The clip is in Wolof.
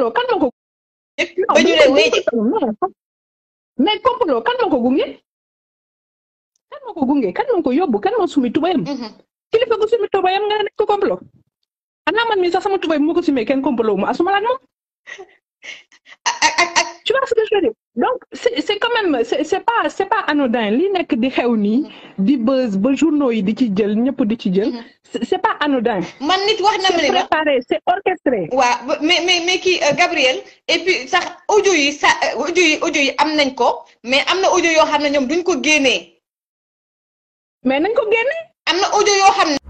complot kan moo ko. ba ñu leen wéy mais complot kan moo ko gunge. kan moo ko gunge kan moo ko yóbbu kan moo sumi sumi tubayam nga nekk ko complot. xanaa man mi sax sama tubay mu ko sumee kenn complot mu asuma la ak moom. tu vois ce donc même c'est pas c'est pas anodin li nek di xew nii mm-hmm. di buzz ba journaux yi di ci jël ñëpp di ci jël. Mm-hmm. c'est pas anodin. man nit wax na ma c'est préparé c'est orchestré. wa mais mais mais kii euh, Gabriel et puis sax audio yi sa euh, audio yi audio yi am nañ ko mais amna audio yo xamna ñom duñ ko génnee. mais nañ ko génnee. amna audio yo xamna